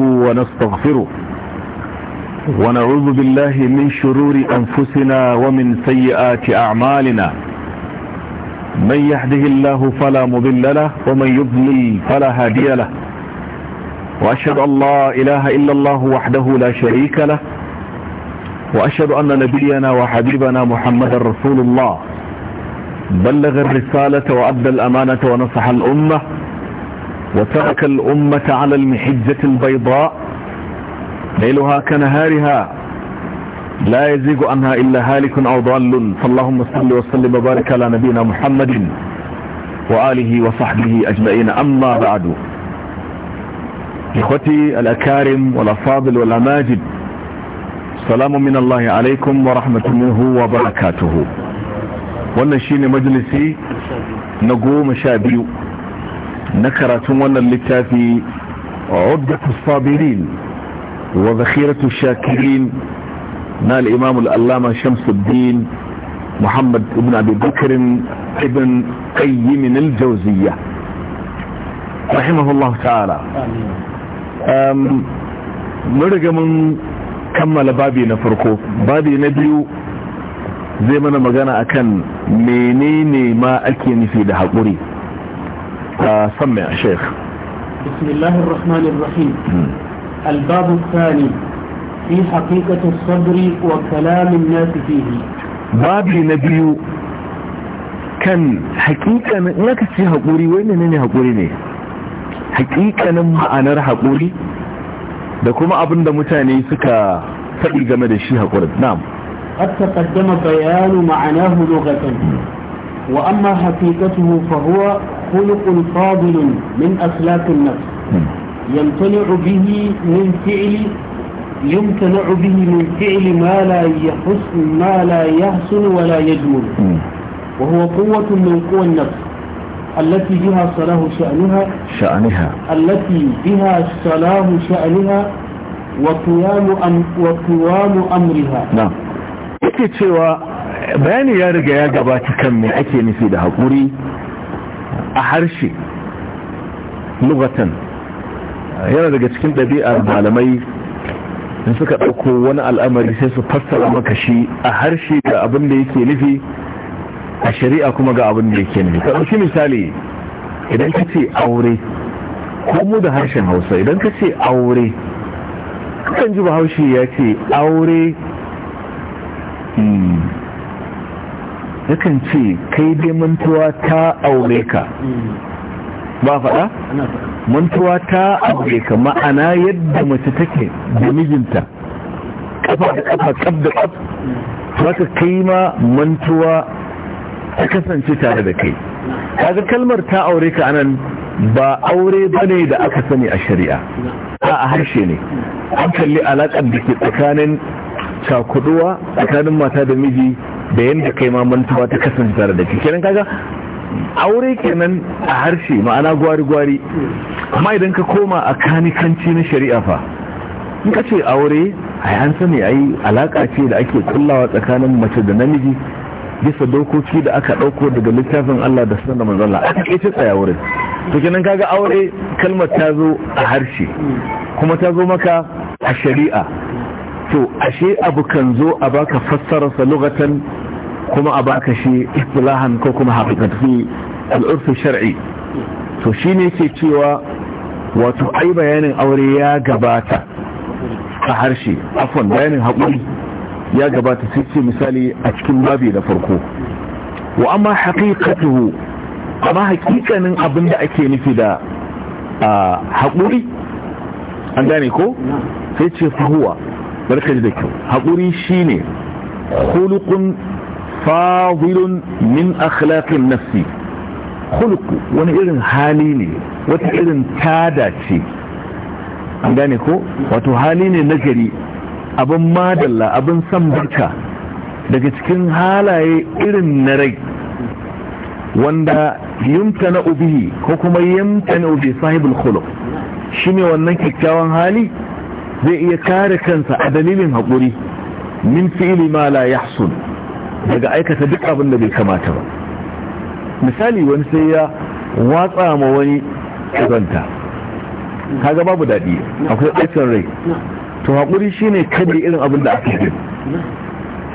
ونستغفره ونعوذ بالله من شرور أنفسنا ومن سيئات أعمالنا من يهده الله فلا مضل له ومن يضلل فلا هادي له وأشهد أن لا إله إلا الله وحده لا شريك له وأشهد أن نبينا وحبيبنا محمد رسول الله بلغ الرسالة وأدى الأمانة ونصح الأمة وترك الأمة على المحجة البيضاء ليلها كنهارها لا يزيغ عنها إلا هالك أو ضال فاللهم صل وسلم وبارك على نبينا محمد وآله وصحبه أجمعين أما بعد إخوتي الأكارم والأفاضل والأماجد سلام من الله عليكم ورحمة منه وبركاته والنشين مجلسي نقوم شابيو نكرة ونا اللتافي عدة الصابرين وذخيرة الشاكرين نال امام الألامة شمس الدين محمد ابن أبي بكر ابن قيم الجوزية رحمه الله تعالى مرق من كمل بابي نفرقه بابي نبيو زي ما انا magana اكن menene ما ake في ده قريب سمع شيخ بسم الله الرحمن الرحيم الباب الثاني في حقيقة الصبر وكلام الناس فيه باب نبيو كان حقيقة لك حقوري وين نني حقوري ne حقيقة نم haƙuri da kuma abin da سكا فقل faɗi game da نعم قد تقدم بيان معناه لغة وأما حقيقته فهو خلق فاضل من أخلاق النفس يمتنع به من فعل يمتنع به من فعل ما لا يحسن ما لا يحسن ولا يجمل وهو قوة من قوى النفس التي بها صلاح شأنها شأنها التي بها صلاح شأنها وقيام أم وقيام أمرها نعم yake cewa bayani ya riga ya gabata kan me ake nufi da haƙuri a harshe lugatan yana daga cikin ɗabi'ar malamai da suka ɗauko wani al'amari sai su fassara maka shi a harshe ga abin da yake nufi a shari'a kuma ga abin da yake nufi ka misali idan ka ce aure ko mu da harshen hausa idan ka ce aure kan ji bahaushe ya ce aure hmm, yakan ce kai dai mantuwa ta aure ka ba faɗa? mantuwa ta aure ka ma'ana yadda mace take da mijinta ƙafa da ƙafa ƙaf da kaf haka kai ma mantuwa ta kasance tare da kai kaga kalmar ta aure ka anan ba aure ba ne da aka sani a shari'a a harshe ne an kalli alaƙar da ke tsakanin cakuduwa tsakanin mata da miji da yadda kai ma mantuwa ta kasance tare da cikin kaga aure kenan a harshe ma'ana gwari-gwari amma idan ka koma a kanikanci na shari'a fa in ka ce aure a an sani a yi alaƙa ce da ake kullawa tsakanin mace da namiji bisa dokoki da aka ɗauko daga littafin Allah da sanar manzala aka ce tsaya wurin to kenan kaga aure kalmar ta zo a harshe kuma ta zo maka a shari'a to ashe abu kan zo a baka sa lugatan kuma a baka shi istilahan ko kuma haƙiƙafi al'urfi shar'i to shine ke cewa wato ai bayanin aure ya gabata a harshe afon bayanin haƙuri ya gabata sai ce misali a cikin babi da farko wa amma haƙiƙatuhu amma haƙiƙanin abin ake nufi da haƙuri an gane ko sai ce fahuwa barka da kyau haƙuri shine hulukun fawilun min akhlaqin nafsi khuluqu wani irin hali ne wata irin tada ce an gane ko wato hali ne nagari abin madalla abin san barka daga cikin halaye irin na rai wanda na ubihi ko kuma na ubi sahibul khuluq shine wannan kyakkyawan hali zai iya kare kansa a dalilin haƙuri min fi'ili ma la daga aikata duk abin da bai kamata ba misali wani sai ya watsa ma wani Ka ga babu daɗi akwai aikin rai to haƙuri shine kada irin abinda da aka yi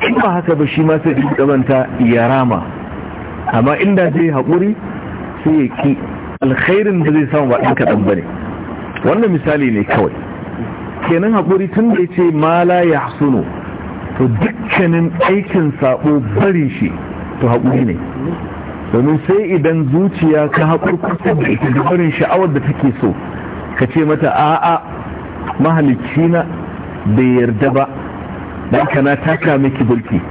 in ba haka ba shi ma sai duk ƙazanta ya rama amma inda zai haƙuri sai ya ki alkhairin da zai samu ba ɗan kaɗan ba ne wannan misali ne kawai kenan haƙuri tun da ya ce ma la ya suno to dukkanin aikin sabo barin shi to haƙuri ne domin sai idan zuciya ka haƙurƙurta da ita da barin sha'awar da take so ka ce mata a'a mahalicci na bai yarda ba dan kana taka miki burki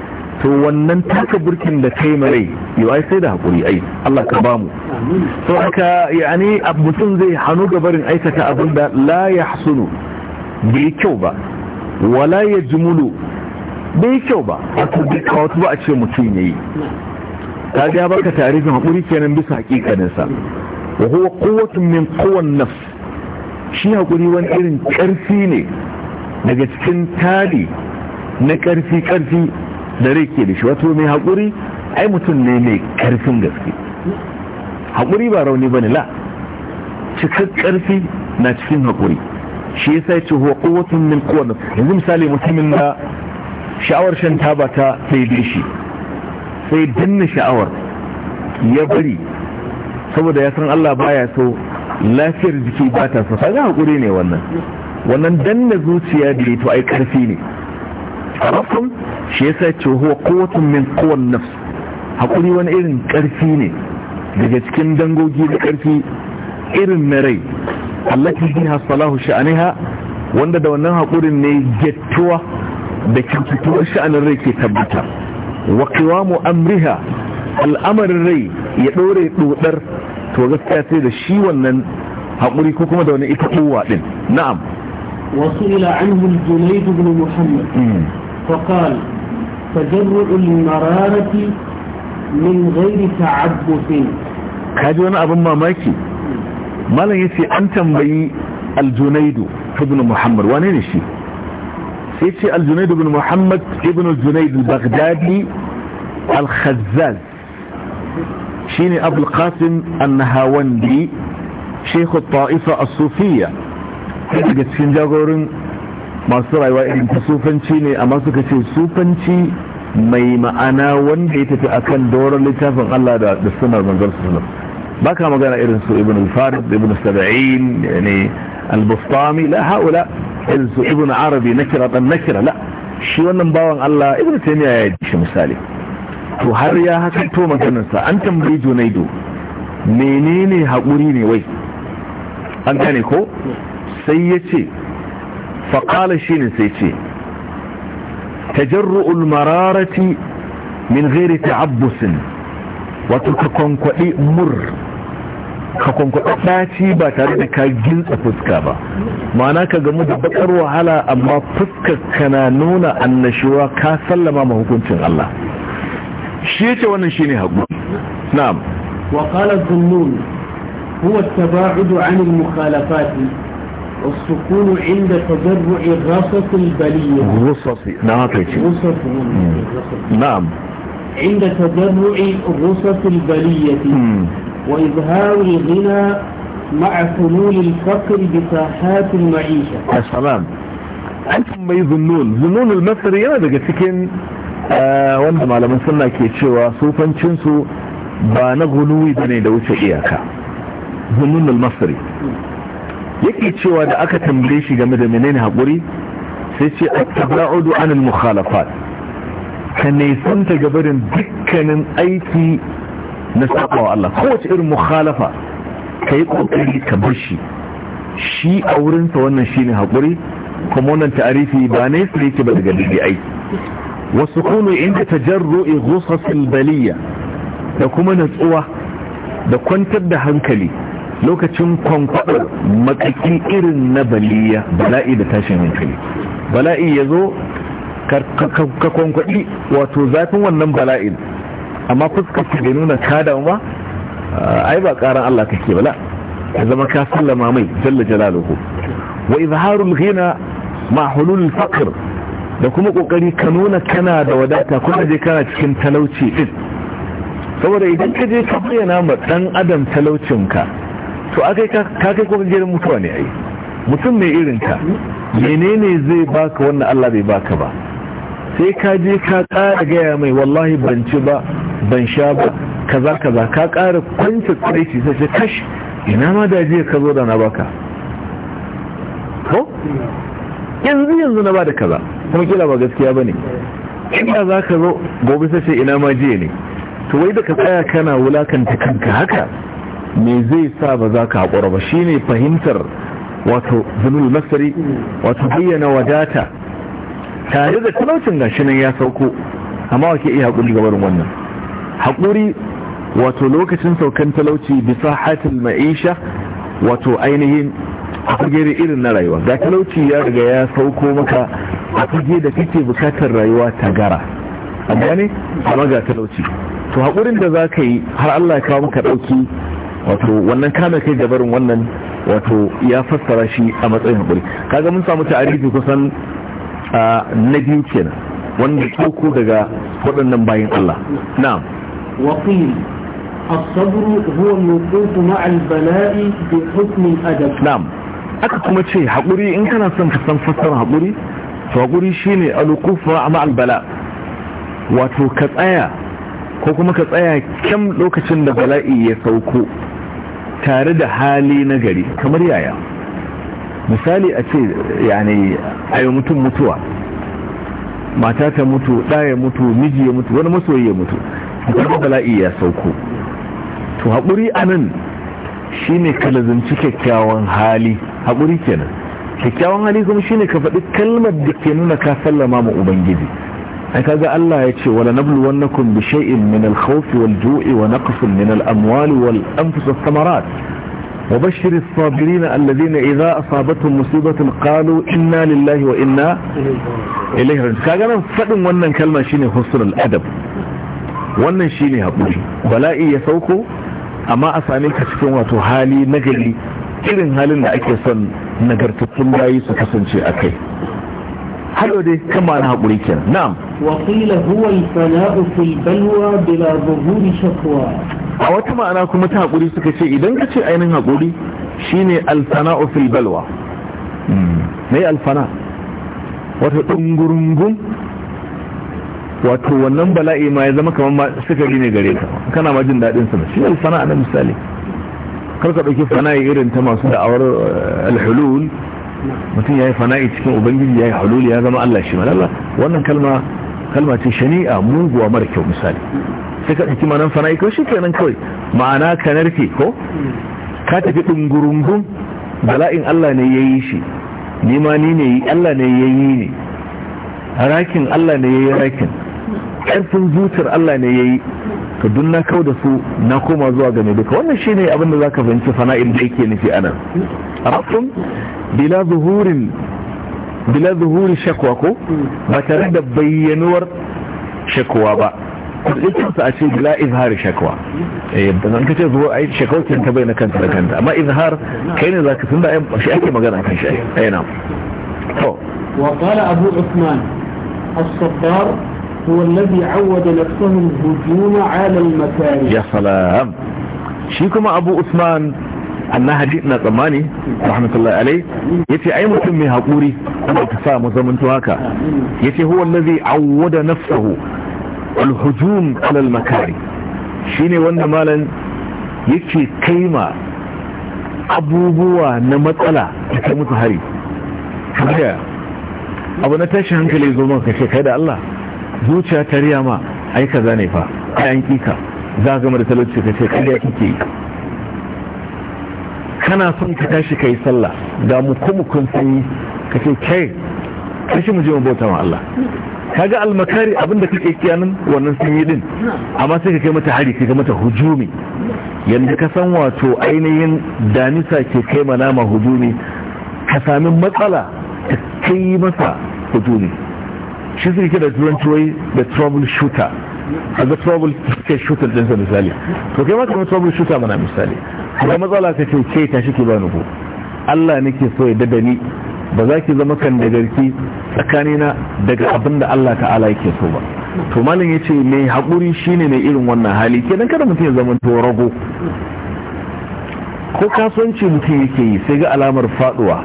to wannan taka burkin da kai marai yau ai sai da haƙuri ai Allah ka bamu to haka yani mutum zai hannu gabarin aikata abin da la ya hasunu bai kyau ba wala ya jumulu bai kyau ba a tabbata kawatu ba a ce mutum ya yi ta ga baka tarihin haƙuri kenan bisa haƙiƙaninsa wa kuwa quwwatun min kowan nafs shi haƙuri wani irin ƙarfi ne daga cikin tali na ƙarfi ƙarfi da rai ke da shi wato mai haƙuri ai mutum ne mai ƙarfin gaske haƙuri ba rauni ba ne la cikar ƙarfi na cikin haƙuri shi yasa yace huwa quwwatun min quwwat yanzu misali mutumin da sha'awar shan taba ta daidai shi sai danna sha'awar ya bari saboda ya san Allah baya so lafiyar jiki ba ta so kaga hakuri ne wannan wannan danna zuciya da to ai karfi ne arafin shi yasa yace huwa quwwatun min quwwat nafs hakuri wani irin karfi ne daga cikin dangogi da karfi irin na rai allati biha salahu sha'aniha wanda da wannan haƙurin ne gettuwa da kyautatuwar sha'anin rai ke tabbata wa qiwamu amriha al'amarin rai ya ɗore ɗodar to gaskiya sai da shi wannan haƙuri ko kuma da wannan ita kowa ɗin na'am وسئل عنه الجنيد بن محمد فقال تجرع المرارة من غير تعبث kaji wani abin mamaki malam ya ce an tambayi aljunaidu ibn muhammad wane ne shi sai ce aljunaidu ibn muhammad ibn aljunaidu baghdadi al shi ne abulkasim annahawandi shekhu ta'ifa as-sufiya daga cikin jagorin masu rayuwa irin ta sufanci ne amma suka ce sufanci mai ma'ana wanda ya tafi akan doron littafin Allah da sunar manzon sunar بكى مجانا إرنسو ابن الفارض ابن السبعين يعني البسطامي لا هؤلاء إرنسو ابن عربي نكرة النكرة لا شو أن نباوان الله ابن تيمية يجيش مثالي تو هرياها تو مجانسا أنت مريجو نيدو منيني هقوليني وي أنت نيكو يعني سيتي فقال شين سيتي تجرؤ المرارة من غير تعبس وتتكون كوئي مر ka kwankwada ɗaci ba tare da ka gintsa fuska ba ma'ana ka gamu da bakar wahala amma fuska kana nuna annashuwa ka sallama ma hukuncin Allah shi yace wannan shine haƙuri na'am wa qala zunnun huwa at-tabaa'ud 'an al-mukhalafat والسكون عند تضرع الرصص البلية الرصص نعم na'am. inda تضرع الرصص البلية مم. وإظهار الغنى مع حلول الفقر بساحات المعيشة السلام أنتم mai zunnun zunnunul masri yana daga cikin wanda malaman suna ke cewa sufancinsu ba na gunuwi ba ne da wuce iyaka zunnunul masri yake cewa da aka tambaye shi game da menene haƙuri sai ce a tabra'udu anil mukhalafat ka nesanta gabarin dukkanin aiki na saba wa Allah kowace irin mukhalafa ka yi ƙoƙari ka bar shi shi a wurinsa wannan shi ne haƙuri kuma wannan ta'arifi ba ne su yake ba daga dabi'ai wasu kunu inda tajarru'i ghusasil baliya da kuma natsuwa da kwantar da hankali lokacin kwankwadar makakin irin na baliya bala'i da tashin hankali bala'i ya zo ka kwankwaɗi wato zafin wannan bala'in amma fuskar ka bai nuna ka damu ba eh, ai ba karan Allah kake bala ka zama ka sallama mai jalla jalaluhu wa izharul ghina ma hulul faqr da kuma kokari ka nuna kana da wadata kuma je kana cikin talauci din saboda idan ka je ka bayyana ma dan adam ka to akai ka kai ko gidan mutuwa ne ai mutum mai irin ka menene zai baka wannan Allah bai baka ba sai ka je ka ƙara gaya mai wallahi ban ci ba ban sha ba kaza kaza ka ƙara kwanci tsiraici sai ce kash ina ma da jiya ka zo da na baka ko yanzu yanzu na ba da kaza kuma kila ba gaskiya ba ne ina za ka zo gobe sai ina ma jiya ne to wai da ka tsaya kana wulakanta kanka haka me zai sa ba za ka haƙura ba Shi ne fahimtar wato zunul masari wato bayyana wadata tare da talaucin gashi nan ya sauko amma wake iya haƙuri gabarin wannan haƙuri wato lokacin saukan talauci bisa hatin ma'isha wato ainihin a fagere irin na rayuwa ga talauci ya riga ya sauko maka a da kake bukatar rayuwa ta gara a gane amma ga talauci to haƙurin da za ka yi har allah ya kawo maka ɗauki wato wannan kame kai da barin wannan wato ya fassara shi a matsayin haƙuri kaga mun samu ta'arifi kusan na biyu kenan wanda tsoko daga waɗannan bayan allah na'am وقيل الصبر هو الوقوف مع البلاء بحسن الأدب نعم aka kuma ce haƙuri in kana son ka san fassara haƙuri to haƙuri shine alukuf ma'ama albala wato ka tsaya ko kuma ka tsaya kyam lokacin da bala'i ya sauko tare da hali na gari kamar yaya misali a ce yani ayi mutum mutuwa mata ta mutu ɗaya mutu miji ya mutu wani masoyi ya mutu akwai bala'i ya sauko to haƙuri a nan shi ne ka kyakkyawan hali haƙuri kenan kyakkyawan hali kuma shi ne ka faɗi kalmar da ke nuna ka sallama ma ubangiji ai kaga Allah ya ce wala nabluwannakum bi shay'in min al-khawf wal-ju'i wa naqsin min al-amwali wal-anfus was-samarat وبشر الصابرين a إذا أصابتهم kano قالوا إنا لله وإنا إليه kaga nan fadin wannan kalma shine husnul adab wannan shine haƙuri bala'i ya sauko amma a same ka cikin wato hali nagari irin halin da ake son nagartattun bayi su kasance a kai halo dai kama na haƙuri kenan na'am wakila huwa al-fana'u fil balwa bila zuhuri shakwa a wata ma'ana kuma ta haƙuri suka ce idan ka ce ainihin haƙuri shine al-fana'u fil balwa Na hmm. yi alfana wata ɗungurungun. wato wannan bala'i ma ya zama kamar suka gine gare ka kana ma jin daɗin sa shi ne sana'a na misali kar ka ɗauki fana'i irin ta masu da'awar eh, alhulul mutum ya yi fana'i cikin ubangiji ya hulul ya zama allah shi malalla wannan kalma kalma ce shani'a muguwa mara kyau misali sai ka dauki manan fana'i kawai shi kenan kawai ma'ana ka narke ko ka tafi ɗungurungun bala'in allah ne ya yi shi ni ma ni ne allah ne ya yi ne rakin allah ne ya yi rakin ƙarfin zuciyar Allah ne ya yi to duk na kau da su na koma zuwa ga mai duka wannan shine abin da zaka fahimci fana'in da yake nufi anan rafin bila zuhurin bila zuhuri shakwa ko ba tare da bayyanuwar shakwa ba kudikin sa a ce bila izhari shakwa eh ban ka ce zuwa ai shakwa kin ta bayyana kanta da kanta amma izhar kai ne zaka tunda ai shi ake magana kan shi ai eh, na to wa qala abu usman as-sabbar هو الذي عود نفسه الهجوم على المكاره يا سلام شيكما أبو عثمان annahaji na tsammani rahmatullahi alai yace ai mutum mai haƙuri ana ta sa mu zamanto haka yace huwa allazi awwada nafsahu alhujum ala almakari shine wanda malan yake kaima abubuwa na matsala da kai mutu hari kaga abu na tashin hankali zo maka kai da Allah zuciya ta riya ma aika zane fa a yan kika za gama da talauci ka ce kada kike yi kana son ka tashi ka yi sallah da mukumukun sanyi ka ce kai kashi mu bauta ma Allah Ka ga almakari abinda kake kiyanin wannan sanyi din amma sai ka kai mata hari ka kai mata hujumi yanda ka san wato ainihin damisa ke kai ma nama hujumi ka sami matsala ka kai masa hujumi shi suke da turanci wai da trouble shooter a ga trouble suke shooter ɗinsa misali to kai ma trouble shooter mana misali kuma matsala ka ce ke ta shi ke ba nuku Allah ke so ya dada ni ba za ki zama kan dagarki tsakanina daga abin da Allah ta'ala yake so ba to malin ya ce mai haƙuri shine mai irin wannan hali Ke nan kada mutum ya zama to rago ko kasuwanci mutum yake yi sai ga alamar faduwa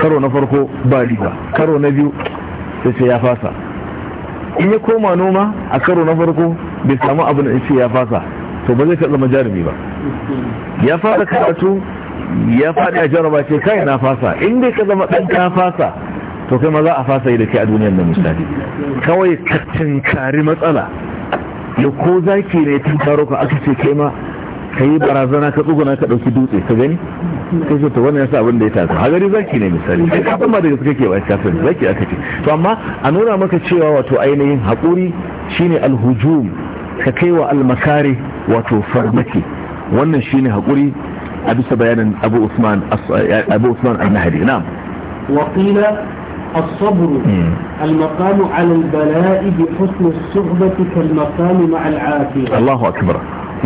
karo na farko ba riba karo na biyu sai ce ya fasa in ya koma noma a karo na farko bai samu abin da ce ya fasa to ba zai ka zama jarumi ba ya fasa karatu ya faɗi a jaraba ce kai na fasa in dai ka zama ɗan ka fasa to kai ma za a fasa yi da kai a duniyar da misali kawai ka tinkari matsala da ko zaki ne tinkaro ka aka ce kai ma ka yi barazana ka tsuguna ka ɗauki dutse ka gani ka ce to wannan yasa abin da ya taso hagari zaki ne misali sai ka kuma da gaske ke ba ka zaki aka ce to amma a nuna maka cewa wato ainihin haƙuri shine alhujum ka kai wa almakari wato farmaki wannan shine haƙuri a bisa bayanin Abu Usman Abu Usman An-Nahdi na'am wa qila الصبر المقام على البلاء بحسن الصحبة كالمقام مع العافية الله أكبر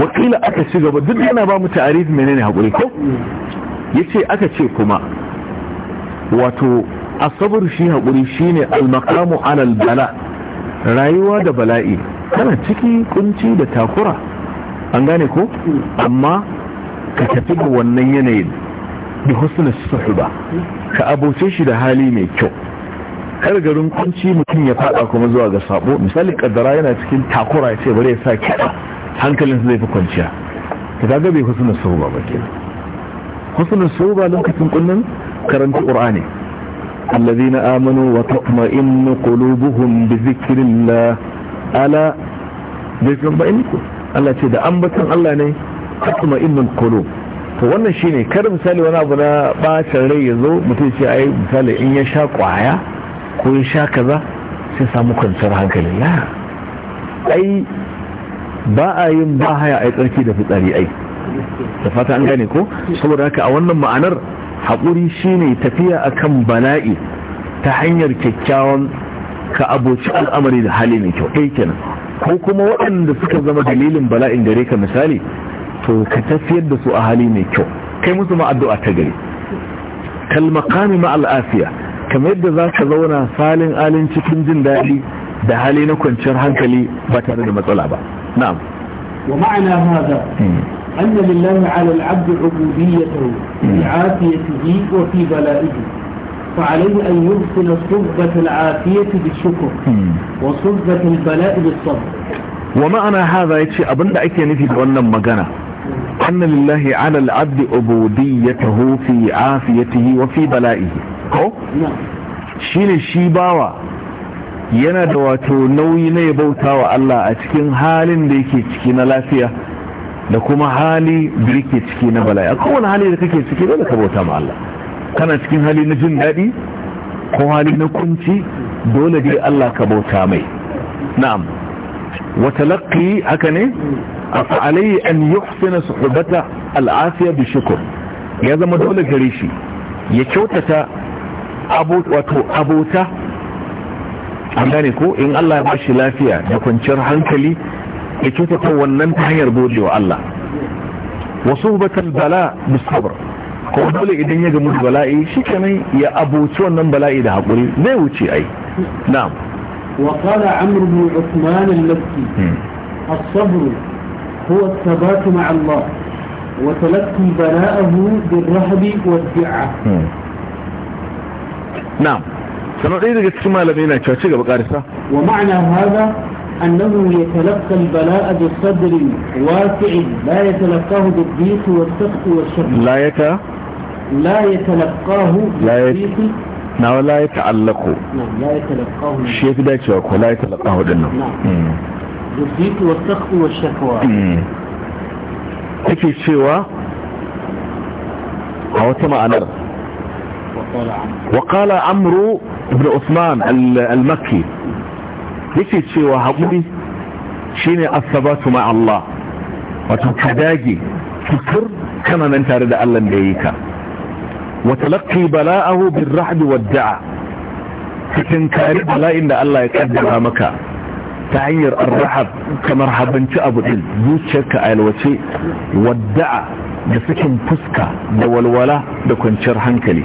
wakila aka ci gaba duk yana ba mu ta'arif menene hakuri ko yace aka ce kuma wato asabar shi hakuri shine al-maqamu ala al-bala rayuwa da bala'i kana ciki kunci da takura an gane ko amma ka tafi ga wannan yanayin bi husnul suhba ka abuce shi da hali mai kyau kar garin kunci mutum ya fada kuma zuwa ga sabo misali kaddara yana cikin takura ya ce bare ya sa kiɗa hankalinsu zai fi kwanciya ta kaga bai husnul sau ba ke sau ba lokacin kunnan karanta qur'ani zikirin la ala da بذكر الله ألا ku. Allah ce da ambatan Allah ne in na qulub to wannan shi ne kar misali wani abu na bacin rai ya zo mutum ce yi misali in ya sha kwaya ko ya sha kaza sai samu kwanciyar hankali la ai ba a yin ba haya a tsarki da fitsari ai da fata an gane ko saboda haka a wannan ma'anar haƙuri shine tafiya akan bala'i ta hanyar kyakkyawan ka aboci al'amari da hali mai kyau ɗaya kenan ko kuma waɗanda suka zama dalilin bala'in gare ka misali to ka tafiyar da su a hali mai kyau kai musu ma addu'a ta gari kalmakami ma al'afiya kamar yadda za ka zauna salin alin cikin jin daɗi da hali na kwanciyar hankali ba tare da matsala ba نعم ومعنى هذا أن لله على العبد عبوديته في عافيته وفي بلائه فعليه أن يرسل صبة العافية بالشكر وصبة البلاء بالصبر ومعنى هذا يتشي أبن دعيك نفي بأن مغانا أن لله على العبد عبوديته في عافيته وفي بلائه هو؟ نعم شيل الشيباوة yana da wato nauyi na ya bauta wa Allah a cikin halin da yake ciki na lafiya da kuma hali da yake ciki na bala'i a kowane hali da kake ciki dole ka bauta ma Allah kana cikin hali na jin daɗi ko hali na kunci dole dai Allah ka bauta mai na'am wa talaqqi haka ne alayhi an yuhsina suhbata al'afiya bi shukr ya zama dole gare shi ya kyautata wato abota an gane ko in Allah ya bashi lafiya da kwanciyar hankali ya ta wannan ta hanyar wa Allah wasu batan bala bisabar ko dole idan ya gamu bala'i shi kenan ya abuci wannan bala'i da haƙuri zai wuce ai na'am وقال عمرو بن عثمان المكي الصبر هو الثبات مع الله وتلقي بلاءه بالرهب والدعة naam. sannan ɗaya daga cikin malamai na cewa ci gaba ƙarisa wa ma'ana haza annahu ya al-bala'a da sadrin wasi'in la yatalaqahu bi-dhiq was-sakht wash-shar la yata la yatalaqahu bi-dhiq na la ta'allaku. la yatalaqahu shi yafi dacewa ko la yatalaqahu din nan mm. bi-dhiq was-sakht wash-shakwa take mm. cewa a wata ma'anar وقال عمرو بن عثمان المكي yake cewa haƙuri shine asabatu ma Allah wato ka dage tukur kananan tare da Allah da yi ka wa talaqqi bala'ahu bir rahd wad da'a cikin kare bala'in da Allah ya kaddara maka ta hanyar arrahab kamar habanci abu din zuciyarka a yalwace wad da'a da sakin fuska da walwala da kwanciyar hankali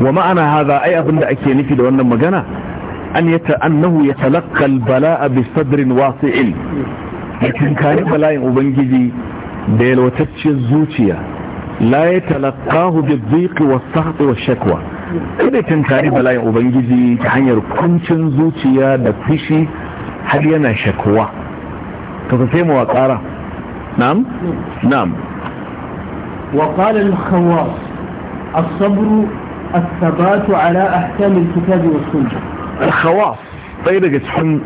wa ma'ana haza ai abinda ake nufi da wannan magana an yata annahu ya talakka bala'a bi sadrin wasi'il mutum kare bala'in ubangiji da yalwatacciyar zuciya la ya talakahu bi dhiqi wa sahti wa shakwa kada tunkari bala'in ubangiji ta hanyar kuncin zuciya da fishi har yana shakwa to sai mu wa ƙara na'am na'am وقال الخواص الصبر الثبات على أحكام الكتاب والسنة الخواص طيب جسحن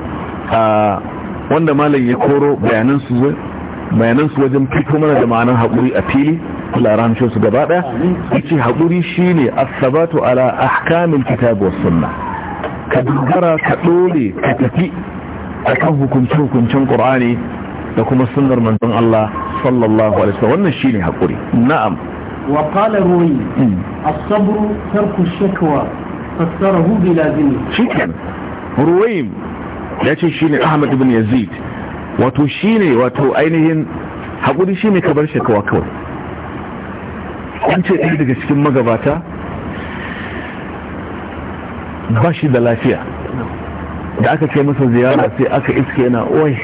wanda malam ya koro bayanansu wajen fito mana da ma'anar haƙuri a fili kula ramshin su gaba ɗaya yace haƙuri shine asabatu ala ahkamin kitab was sunna ka dogara ka dole ka tafi akan hukunci hukuncin qur'ani da kuma sunnar manzon Allah sallallahu alaihi wasallam wannan shine haƙuri na'am وقال الروي الصبر ترك الشكوى فسره بلازمه شكرا ruwaim ya ce shi ne ahmad ibn yazid wato shi ne wato ainihin haƙuri shi ne ka bar shakawa kawai an ce ɗaya daga cikin magabata ba shi da lafiya da aka kai masa ziyara sai aka iske yana wai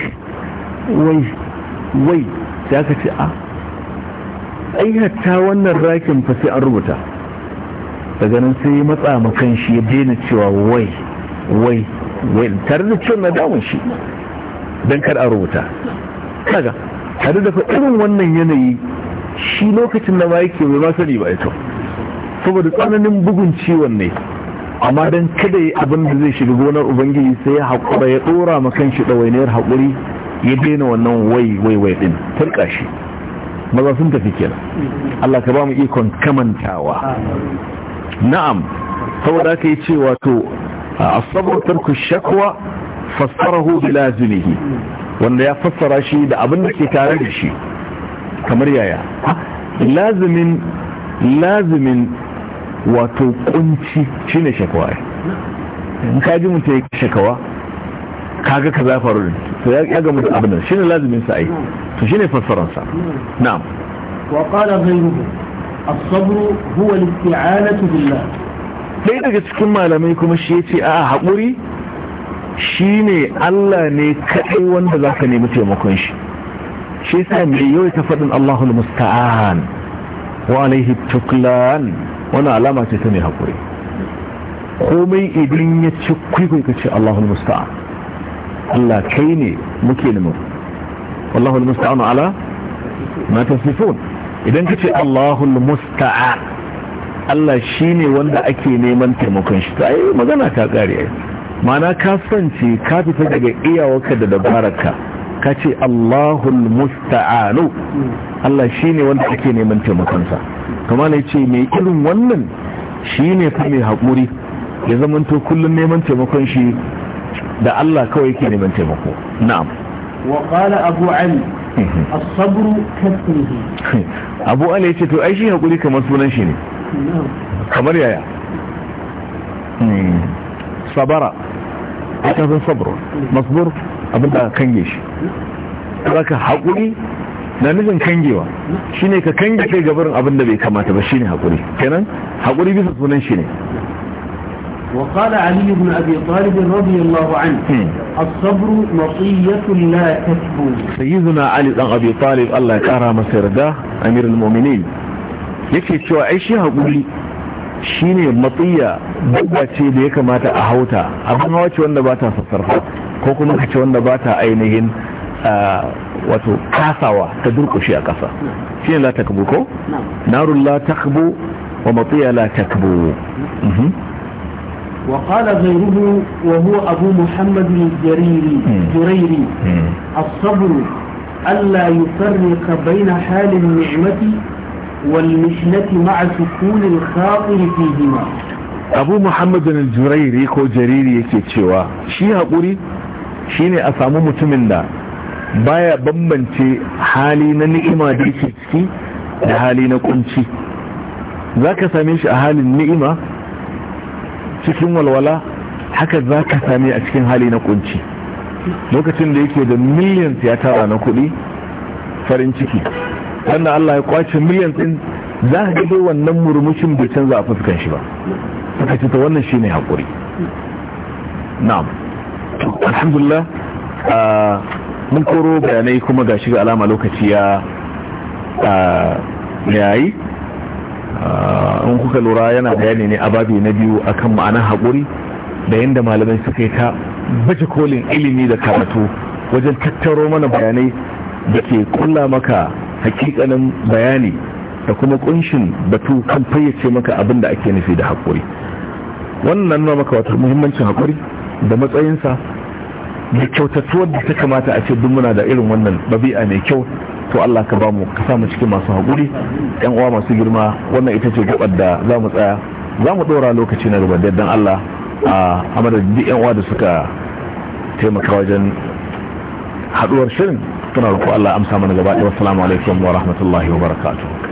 wai wai sai aka ce a ayyata wannan rakin fa sai an rubuta daga nan sai ya matsa makan shi ya daina cewa wai wai wai tare da cewa na damun shi don kar a rubuta kaga tare da irin wannan yanayi shi lokacin da ma yake mai masani ba ito saboda tsananin bugun ciwon ne amma don kada yi abin da zai shiga gonar ubangiji sai ya haƙura ya ɗora makan shi ɗawainiyar haƙuri ya daina wannan wai wai wai ɗin turka shi maza sun tafi kenan Allah ka ba mu ikon kamantawa na'am saboda ka yi ce wato asabar tarku shakwa fassarahu bila wanda ya fassara shi da abin da ke tare da shi kamar yaya lazimin lazimin wato kunci shine shakwa in ka ji mutum ya shakawa kaga ka za faru da to ya ga mutu abin nan shine lazimin sa ai to shine fassaran sa na'am wa qala ghayruhu as-sabr huwa al-isti'anatu billah dai daga cikin malamai kuma shi yace a hakuri shine Allah ne kadai wanda zaka nemi taimakon shi shi yasa mai yau ta fadin Allahul musta'an wa alaihi tuklan wannan alama ce ta mai hakuri komai idan ya ci kwaikwai ka ce Allahul musta'an Allah kai ne muke nemo al mustaan ala ma tasifun idan kace Allahu mustaa Allah shine wanda ake neman taimakon shi to ai magana ta kare ai Mana ka sance ka fita daga iyawarka da dabararka ka ce Allahu mustaan Allah shine wanda ake neman taimakon sa kuma ne ce mai irin wannan shine fa mai hakuri ya zamanto kullun neman taimakon shi da Allah kawai yake neman taimako na'am wa qala abu ali as sabr kasbihi abu ali yace to ai shi hakuri kamar sunan shi ne kamar yaya hmm. sabara ita zan sabro masbur abin da kange shi zaka hakuri na nufin kangewa shine ka kange kai gabarin abin da bai kamata ba shine hakuri kenan hakuri bisa sunan shi ne وقال علي بن أبي طالب رضي الله عنه الصبر مطية لا تكفو سيدنا علي بن أبي طالب الله يكرم مسيرده أمير المؤمنين yake cewa ai shi hakuri. shine matsiya buga ce da ya kamata a hauta abin hawa wanda ba ta sassarfa ko kuma ka wanda ba ta ainihin wato kasawa ta durƙushe a kasa shi ne la takbu ko narun la takbu wa matsiya la takbu وقال غيره وهو أبو محمد الجريري جريري الصبر ألا يفرق بين حال النعمة والمحنة مع سكون الخاطر فيهما أبو محمد الجريري كو جريري يكي تشوا شي هقولي shine a samu mutumin da baya bambance hali na ni'ima da yake ciki da hali na kunci za ka same shi a halin ni'ima cikin walwala haka za ka sami a cikin hali na kunci lokacin da yake da miliyan ya tara na kuɗi farin ciki wanda Allah ya kwace miliyan ɗin za ka gaba wannan murmushin bai canza a fuskan shi ba suka ce ta wannan ne haƙuri na'am alhamdulillah mun koro bayanai kuma ga shiga alama lokaci ya yayi Ah, in kuka lura yana bayani ne a babi na biyu akan ma'anar haƙuri da yadda malamai suka yi ta baje kolin ilimi da karatu wajen tattaro mana bayanai da ke kulla maka hakikanin bayani da kuma kunshin batu kan fayyace maka abin da ake nufi da haƙuri wannan nuna maka wata muhimmancin haƙuri da matsayinsa da kyautatuwar da ta kamata a ce duk muna da irin wannan ɗabi'a mai kyau to Allah ka bamu ka samu cikin masu haƙuri yan uwa masu girma wannan ita ce gabar da za mu tsaya za mu ɗora lokaci na gaba da Allah a amada duk yan uwa da suka taimaka wajen haɗuwar shirin suna roƙo Allah amsa mana gaba ɗaya wassalamu alaikum wa rahmatullahi wa barakatuh